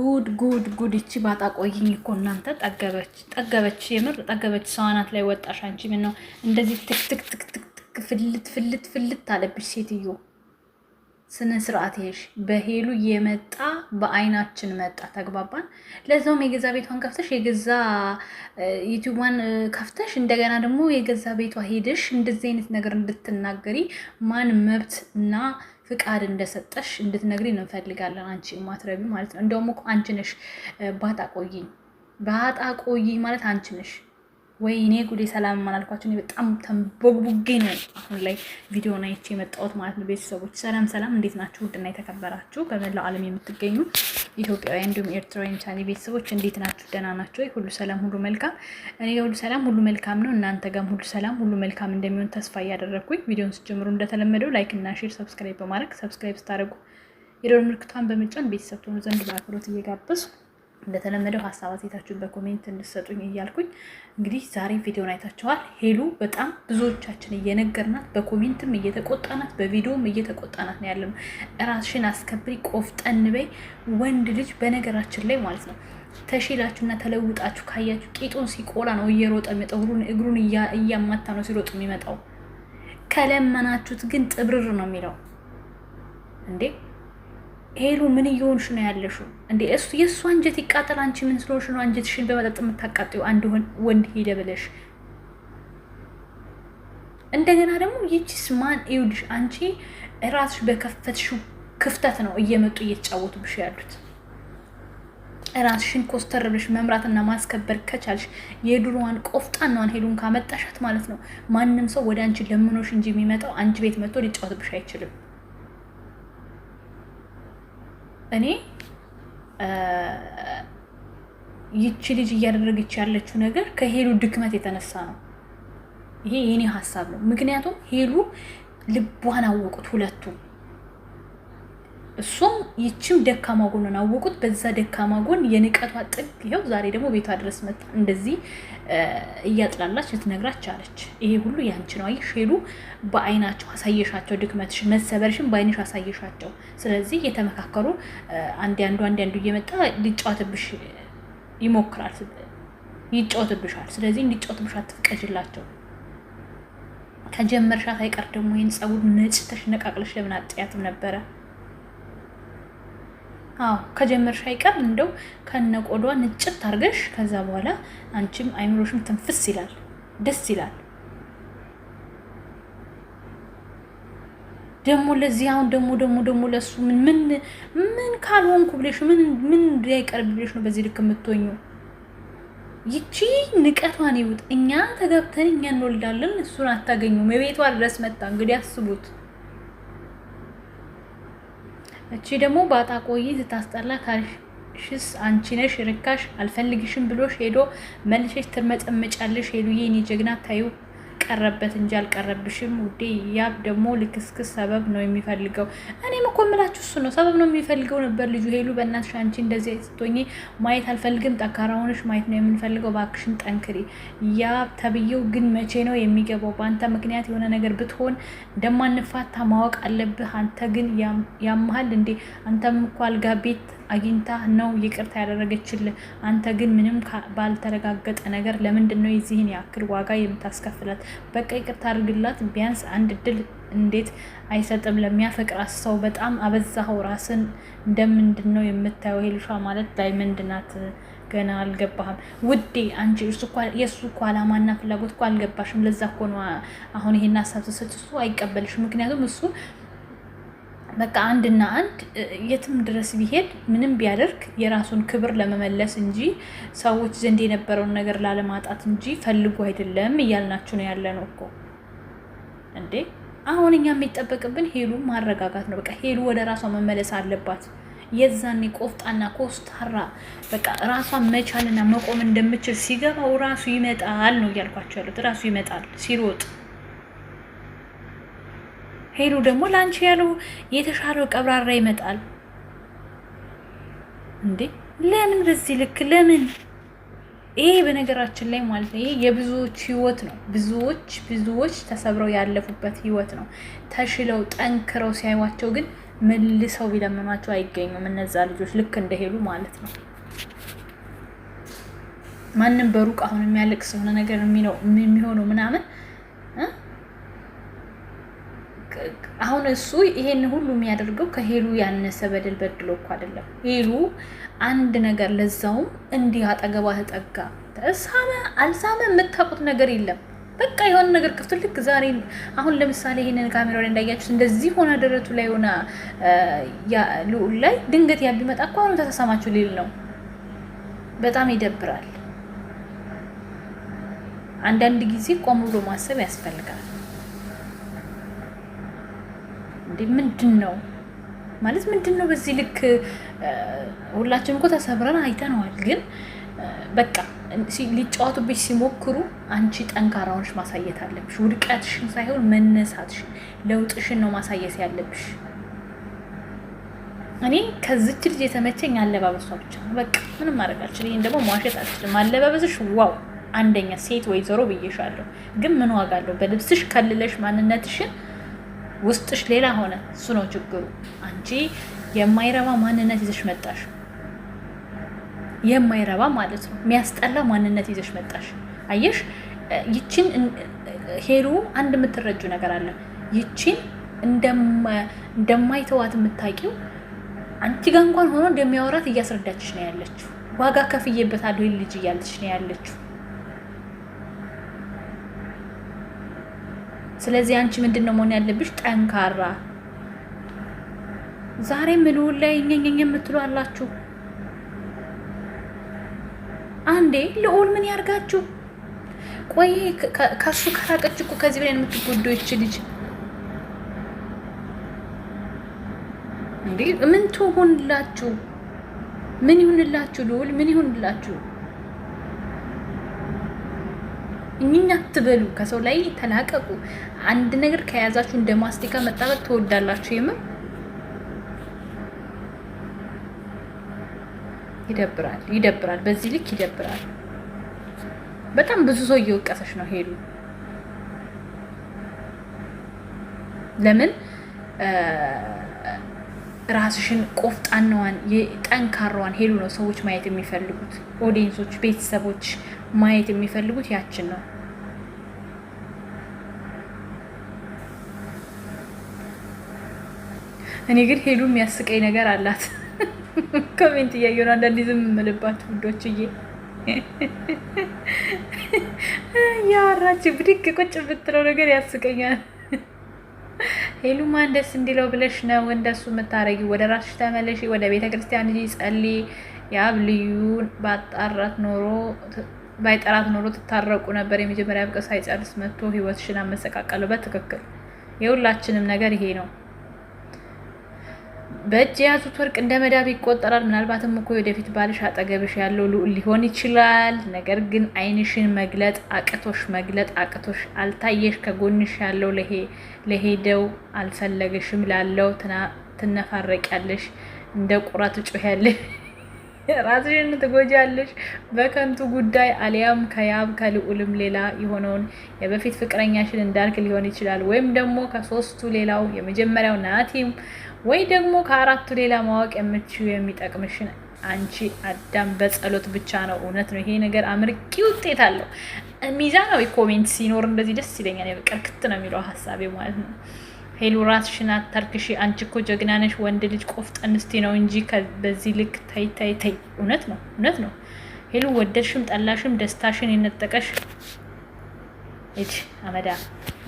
ጉድ ጉድ ጉድ! እቺ ባጣ ቆይኝ እኮ እናንተ። ጠገበች ጠገበች፣ የምር ጠገበች። ሰው አናት ላይ ወጣሽ አንቺ። ምን ነው እንደዚህ ትክትክትክትክ ፍልት ፍልት ፍልት አለብሽ ሴትዮ። ስነ ስርዓት ይሄሽ በሄሉ የመጣ በአይናችን መጣ። ተግባባን። ለዛውም የገዛ ቤቷን ከፍተሽ የገዛ ዩቲዩቧን ከፍተሽ እንደገና ደግሞ የገዛ ቤቷ ሄደሽ እንደዚህ አይነት ነገር እንድትናገሪ ማን መብት እና ፍቃድ እንደሰጠሽ እንድትነግሪ እንፈልጋለን። አንቺ ማትረቢ ማለት ነው። እንደውም እኮ አንቺ ነሽ ባጣ ቆይኝ፣ ባጣ ቆይኝ ማለት አንቺ ነሽ። ወይኔ ጉዴ! ሰላም አላልኳቸው። በጣም ተንቦግቡጌ ነው አሁን ላይ ቪዲዮ ናይቼ የመጣሁት ማለት ነው። ቤተሰቦች ሰላም ሰላም፣ እንዴት ናችሁ? ውድና የተከበራችሁ በመላው ዓለም የምትገኙ ኢትዮጵያውያን እንዲሁም ኤርትራውያን ቻኔ ቤተሰቦች እንዴት ናችሁ? ደህና ናቸው። ሁሉ ሰላም፣ ሁሉ መልካም። እኔ ጋር ሁሉ ሰላም፣ ሁሉ መልካም ነው። እናንተ ጋርም ሁሉ ሰላም፣ ሁሉ መልካም እንደሚሆን ተስፋ እያደረግኩኝ ቪዲዮን ስጀምሩ እንደተለመደው ላይክ እና ሼር፣ ሰብስክራይብ በማድረግ ሰብስክራይብ ስታደርጉ የደወል ምልክቷን በመጫን ቤተሰብ ትሆኑ ዘንድ በአክብሮት እየጋበዝኩ እንደተለመደው ሀሳብ አስተያየታችሁን በኮሜንት እንድሰጡኝ እያልኩኝ እንግዲህ ዛሬም ቪዲዮን አይታችኋል። ሄሉ በጣም ብዙዎቻችን እየነገርናት በኮሜንትም እየተቆጣናት በቪዲዮም እየተቆጣናት ነው ያለም። እራስሽን አስከብሪ፣ ቆፍጠን በይ። ወንድ ልጅ በነገራችን ላይ ማለት ነው ተሽላችሁና ተለውጣችሁ ካያችሁ ቂጡን ሲቆላ ነው እየሮጠ የሚመጣው፣ እግሩን እያማታ ነው ሲሮጥ የሚመጣው። ከለመናችሁት ግን ጥብርር ነው የሚለው እንዴ ሄሉ ምን እየሆንሽ ነው ያለሽው? እንደ እሱ የእሱ አንጀት ይቃጠል። አንቺ ምን ስለሆንሽ ነው አንጀትሽን በመጠጥ የምታቃጥዩ? አንድ ወንድ ሄደ ብለሽ እንደገና ደግሞ ይቺስ ማን ይኸውልሽ፣ አንቺ ራስሽ በከፈትሽው ክፍተት ነው እየመጡ እየተጫወቱብሽ ያሉት። ራስሽን ኮስተር ብለሽ መምራትና ማስከበር ከቻልሽ የድሮዋን ቆፍጣናዋን ሄሉን ካመጣሻት ማለት ነው ማንም ሰው ወደ አንቺ ለምኖሽ እንጂ የሚመጣው አንቺ ቤት መጥቶ ሊጫወትብሽ አይችልም። እኔ ይቺ ልጅ እያደረገች ያለችው ነገር ከሄሉ ድክመት የተነሳ ነው። ይሄ የኔ ሀሳብ ነው። ምክንያቱም ሄሉ ልቧን አወቁት ሁለቱ እሱም ይችም ደካማ ጎኗን አወቁት። በዛ ደካማ ጎን የንቀቷ ጥግ ይኸው ዛሬ ደግሞ ቤቷ ድረስ መጣ። እንደዚህ እያጥላላች ልትነግራች አለች። ይሄ ሁሉ ያንቺ ነው፣ አየሽ ሼሉ በአይናቸው አሳየሻቸው ድክመትሽ፣ መሰበርሽን በአይንሽ አሳየሻቸው። ስለዚህ እየተመካከሩ አንድ አንዱ አንድ አንዱ እየመጣ ሊጫወትብሽ ይሞክራል፣ ይጫወትብሻል። ስለዚህ እንዲጫወትብሽ አትፍቀጅላቸው። ከጀመርሻት አይቀር ደግሞ ይህን ፀጉር ነጭ ነቃቅለሽ ለምን አጥያትም ነበረ? አዎ ከጀመርሽ አይቀር እንደው ቆዷ ንጭት አርገሽ ከዛ በኋላ አንቺም አይምሮሽም ትንፍስ ይላል፣ ደስ ይላል። ደግሞ ለዚህ አሁን ደግሞ ደግሞ ደግሞ ለሱ ምን ምን ምን ካልሆንኩ ብለሽ ምን ምን እንዳይቀርብ ብለሽ ነው በዚህ ልክ የምትሆኙ። ይቺ ንቀቷን ይውጥ። እኛ ተጋብተን እኛ እንወልዳለን፣ እሱን አታገኙም። የቤቷ ድረስ መጣ። እንግዲህ አስቡት። እቺ ደግሞ ባጣ ቆይ ስታስጠላ ካልሽስ አንቺ ነሽ ርካሽ አልፈልግሽም ብሎሽ ሄዶ መልሸሽ ትመጨመጫለሽ። ሄዱዬ እኔ ጀግና ታዩ ቀረበት እንጂ አልቀረብሽም ውዴ። ያብ ደግሞ ልክስክስ ሰበብ ነው የሚፈልገው እኔ እኮ ምላችሁ እሱ ነው ሰበብ ነው የሚፈልገው ነበር ልጁ። ሄሉ በእናትሽ አንቺ እንደዚህ ስትሆኚ ማየት አልፈልግም፣ ጠንካራ ሆነሽ ማየት ነው የምንፈልገው፣ እባክሽን ጠንክሪ። ያ ተብዬው ግን መቼ ነው የሚገባው? በአንተ ምክንያት የሆነ ነገር ብትሆን እንደማንፋታ ማወቅ አለብህ። አንተ ግን ያመሃል እንዴ? አንተም እኮ አልጋ ቤት አግኝታ ነው ይቅርታ ያደረገችልህ። አንተ ግን ምንም ባልተረጋገጠ ነገር ለምንድን ነው የዚህን ያክል ዋጋ የምታስከፍላት? በቃ ይቅርታ አድርግላት ቢያንስ አንድ ድል እንዴት አይሰጥም? ለሚያፈቅራት ሰው በጣም አበዛኸው ራስን። እንደምንድን ነው የምታየው? ሄሉሻ ማለት ዳይመንድ ናት። ገና አልገባህም ውዴ። አንቺ የእሱ እኮ አላማና ፍላጎት እኮ አልገባሽም። ለዛ እኮ ነው አሁን ይሄን ሀሳብ ስሰች እሱ አይቀበልሽም። ምክንያቱም እሱ በቃ አንድና አንድ የትም ድረስ ቢሄድ ምንም ቢያደርግ የራሱን ክብር ለመመለስ እንጂ ሰዎች ዘንድ የነበረውን ነገር ላለማጣት እንጂ ፈልጎ አይደለም እያልናችሁ ነው ያለ ነው እኮ እንዴ። አሁን እኛ የሚጠበቅብን ሄሉ ማረጋጋት ነው። በቃ ሄሉ ወደ ራሷ መመለስ አለባት። የዛኔ ቆፍጣና ኮስታራ በቃ ራሷን መቻልና መቆም እንደምችል ሲገባው ራሱ ይመጣል ነው እያልኳቸው ያሉት። ራሱ ይመጣል ሲሮጥ። ሄሉ ደግሞ ለአንቺ ያለው የተሻለው ቀብራራ ይመጣል እንዴ! ለምን በዚህ ልክ ለምን ይሄ በነገራችን ላይ ማለት ነው፣ ይሄ የብዙዎች ህይወት ነው። ብዙዎች ብዙዎች ተሰብረው ያለፉበት ህይወት ነው። ተሽለው ጠንክረው ሲያዩቸው ግን መልሰው ቢለምኗቸው አይገኙም። እነዛ ልጆች ልክ እንደሄዱ ማለት ነው። ማንም በሩቅ አሁን የሚያለቅስ የሆነ ነገር የሚሆነው ምናምን አሁን እሱ ይሄን ሁሉ የሚያደርገው ከሄሉ ያነሰ በደል በድሎ እኮ አይደለም። ሄሉ አንድ ነገር ለዛውም እንዲህ አጠገቧ ተጠጋ፣ ተሳመ አልሳመ የምታውቁት ነገር የለም። በቃ የሆነ ነገር ክፍት ልክ ዛሬ አሁን ለምሳሌ ይሄንን ካሜራ ላይ እንዳያችሁት እንደዚህ ሆነ ደረቱ ላይ ሆነ ልዑል ላይ ድንገት ያ ቢመጣ እኮ አሁን ተሳማችሁ ነው። በጣም ይደብራል። አንዳንድ ጊዜ ቆም ብሎ ማሰብ ያስፈልጋል። እንዴ ምንድን ነው ማለት ምንድን ነው? በዚህ ልክ ሁላችን እኮ ተሰብረን አይተነዋል። ግን በቃ ሊጫወቱብሽ ሲሞክሩ አንቺ ጠንካራውንሽ ማሳየት አለብሽ። ውድቀትሽን ሳይሆን መነሳትሽን፣ ለውጥሽን ነው ማሳየት ያለብሽ። እኔ ከዚች ልጅ የተመቸኝ አለባበሷ ብቻ ነው። በቃ ምንም ማድረግ አልችልም። ይህን ደግሞ መዋሸት አልችልም። አለባበስሽ ዋው አንደኛ ሴት ወይዘሮ ብዬሻለሁ። ግን ምን ዋጋ አለው? በልብስሽ ከልለሽ ማንነትሽን ውስጥሽ ሌላ ሆነ። እሱ ነው ችግሩ። አንቺ የማይረባ ማንነት ይዘሽ መጣሽ። የማይረባ ማለት ነው የሚያስጠላ ማንነት ይዘሽ መጣሽ። አየሽ፣ ይችን ሄሉ አንድ የምትረጁ ነገር አለ። ይችን እንደማይተዋት የምታውቂው አንቺ ጋ እንኳን ሆኖ እንደሚያወራት እያስረዳችሽ ነው ያለችው። ዋጋ ከፍዬበታለሁ ልጅ እያለች ነው ያለችው። ስለዚህ አንቺ ምንድን ነው መሆን ያለብሽ? ጠንካራ። ዛሬም ልዑል ላይ እኛኛኝ የምትሉ አላችሁ። አንዴ ልዑል ምን ያርጋችሁ? ቆይ ከሱ ከራቀች እኮ ከዚህ በላይ የምትጎዱ ይች ልጅ እንዴ! ምን ትሆንላችሁ? ምን ይሁንላችሁ? ልዑል ምን ይሁንላችሁ? እኝኛ አትበሉ፣ ከሰው ላይ ተላቀቁ። አንድ ነገር ከያዛችሁ እንደ ማስቲካ መጣበቅ ትወዳላችሁ። የምር ይደብራል፣ ይደብራል፣ በዚህ ልክ ይደብራል። በጣም ብዙ ሰው እየወቀሰች ነው ሄሉ። ለምን ራስሽን ቆፍጣናዋን፣ ጠንካራዋን ሄሉ ነው ሰዎች ማየት የሚፈልጉት ኦዲየንሶች፣ ቤተሰቦች ማየት የሚፈልጉት ያችን ነው። እኔ ግን ሄሉ የሚያስቀኝ ነገር አላት። ኮሜንት እያየሁ ነው አንዳንዴ ዝም የምልባት ውዶችዬ፣ እያወራች ብድግ ቁጭ የምትለው ነገር ያስቀኛል። ሄሉ ማን ደስ እንዲለው ብለሽ ነው እንደሱ የምታረጊ? ወደ ራስሽ ተመለሽ፣ ወደ ቤተ ክርስቲያን ጸሊ። የአብ ልዩን ባጣራት ኖሮ ባይጠራት ኖሮ ትታረቁ ነበር። የመጀመሪያ ብቀ ሳይጨርስ መጥቶ ህይወትሽን አመሰቃቀሉበት። ትክክል። የሁላችንም ነገር ይሄ ነው። በእጅ የያዙት ወርቅ እንደ መዳብ ይቆጠራል። ምናልባትም እኮ ወደፊት ባልሽ አጠገብሽ ያለው ልዑል ሊሆን ይችላል። ነገር ግን አይንሽን መግለጥ አቅቶሽ መግለጥ አቅቶሽ አልታየሽ። ከጎንሽ ያለው ለሄደው አልፈለገሽም ላለው ትነፋረቅ ያለሽ እንደ ቁራ ትጮህ ያለሽ ራስሽን ትጎጃለሽ በከንቱ ጉዳይ አሊያም ከያብ ከልዑልም ሌላ የሆነውን የበፊት ፍቅረኛሽን እንዳልክ ሊሆን ይችላል ወይም ደግሞ ከሶስቱ ሌላው የመጀመሪያው ናቲም ወይ ደግሞ ከአራቱ ሌላ ማወቅ የምችው የሚጠቅምሽን አንቺ አዳም በጸሎት ብቻ ነው። እውነት ነው። ይሄ ነገር አምርቂ ውጤት አለው። ሚዛናዊ ኮሜንት ሲኖር እንደዚህ ደስ ይለኛል። ክት ነው የሚለው ሀሳቤ ማለት ነው። ሄሉ ራስሽን አታርክሽ። አንቺ እኮ ጀግና ነሽ። ወንድ ልጅ ቆፍጠን እስቲ ነው እንጂ በዚህ ልክ ተይ ተይ ተይ። እውነት ነው እውነት ነው ሄሉ። ወደድሽም ጠላሽም ደስታሽን የነጠቀሽ እጅ አመዳ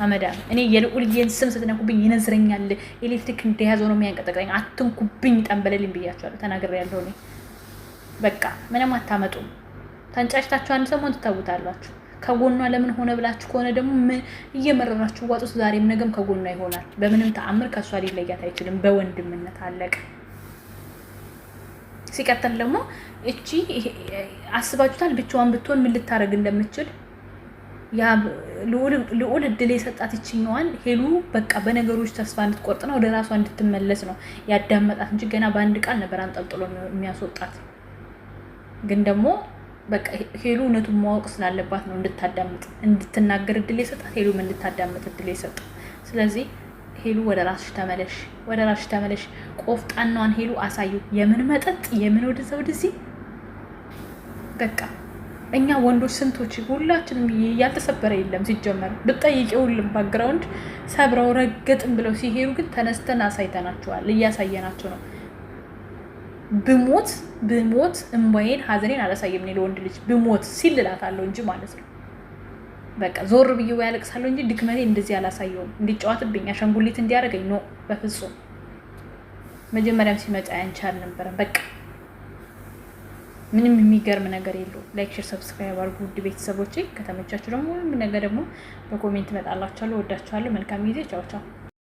አመዳ። እኔ የልዑልዬን ስም ስትነኩብኝ ይነዝረኛል። ኤሌክትሪክ እንደያዘው ነው የሚያንቀጠቅጠኝ። አትንኩብኝ፣ ጠንበለልኝ ብያቸዋለሁ። ተናግሬ ያለሁ በቃ ምንም አታመጡም። ተንጫጭታችሁ አንድ ሰሞን ትታውታላችሁ። ከጎኗ ለምን ሆነ ብላችሁ ከሆነ ደግሞ እየመረራችሁ ዋጡት። ዛሬም ነገም ከጎኗ ይሆናል። በምንም ተአምር ከእሷ ሊለያት አይችልም። በወንድምነት አለቀ። ሲቀጥል ደግሞ እቺ አስባችሁታል? ብቻዋን ብትሆን ምን ልታደርግ እንደምችል ልዑል እድል የሰጣት ይችኛዋን ሄሉ በቃ በነገሮች ተስፋ እንድትቆርጥ ነው፣ ወደ ራሷ እንድትመለስ ነው ያዳመጣት እንጂ ገና በአንድ ቃል ነበር አንጠልጥሎ የሚያስወጣት ግን ደግሞ በቃ ሄሉ እውነቱን ማወቅ ስላለባት ነው እንድታዳምጥ እንድትናገር እድል የሰጣት ሄሉም እንድታዳምጥ እድል የሰጡ። ስለዚህ ሄሉ ወደ ራስሽ ተመለሽ፣ ወደ ራስሽ ተመለሽ። ቆፍጣናዋን ሄሉ አሳዩ። የምን መጠጥ የምን ወደዛ ወደዚህ በቃ እኛ ወንዶች ስንቶች ሁላችንም ያልተሰበረ የለም። ሲጀመር ብጠይቅ ሁልም ባግራውንድ ሰብረው ረገጥን ብለው ሲሄዱ ግን ተነስተን አሳይተናቸዋል፣ እያሳየናቸው ነው። ብሞት ብሞት እምባዬን ሀዘኔን አላሳየም እኔ ለወንድ ልጅ ብሞት ሲል እላታለሁ እንጂ ማለት ነው። በቃ ዞር ብዬ ወይ ያለቅሳለሁ እንጂ ድክመቴ እንደዚህ አላሳየውም። እንዲጫወትብኝ አሻንጉሊት እንዲያደርገኝ ኖ በፍጹም። መጀመሪያም ሲመጣ ያንቻል ነበረ በቃ ምንም የሚገርም ነገር የለው። ላይክ፣ ሼር፣ ሰብስክራይብ አድርጉ ውድ ቤተሰቦች። ከተመቻችሁ ደግሞ ወይም ነገር ደግሞ በኮሜንት እመጣላችኋለሁ። ወዳችኋለሁ። መልካም ጊዜ። ቻው ቻው።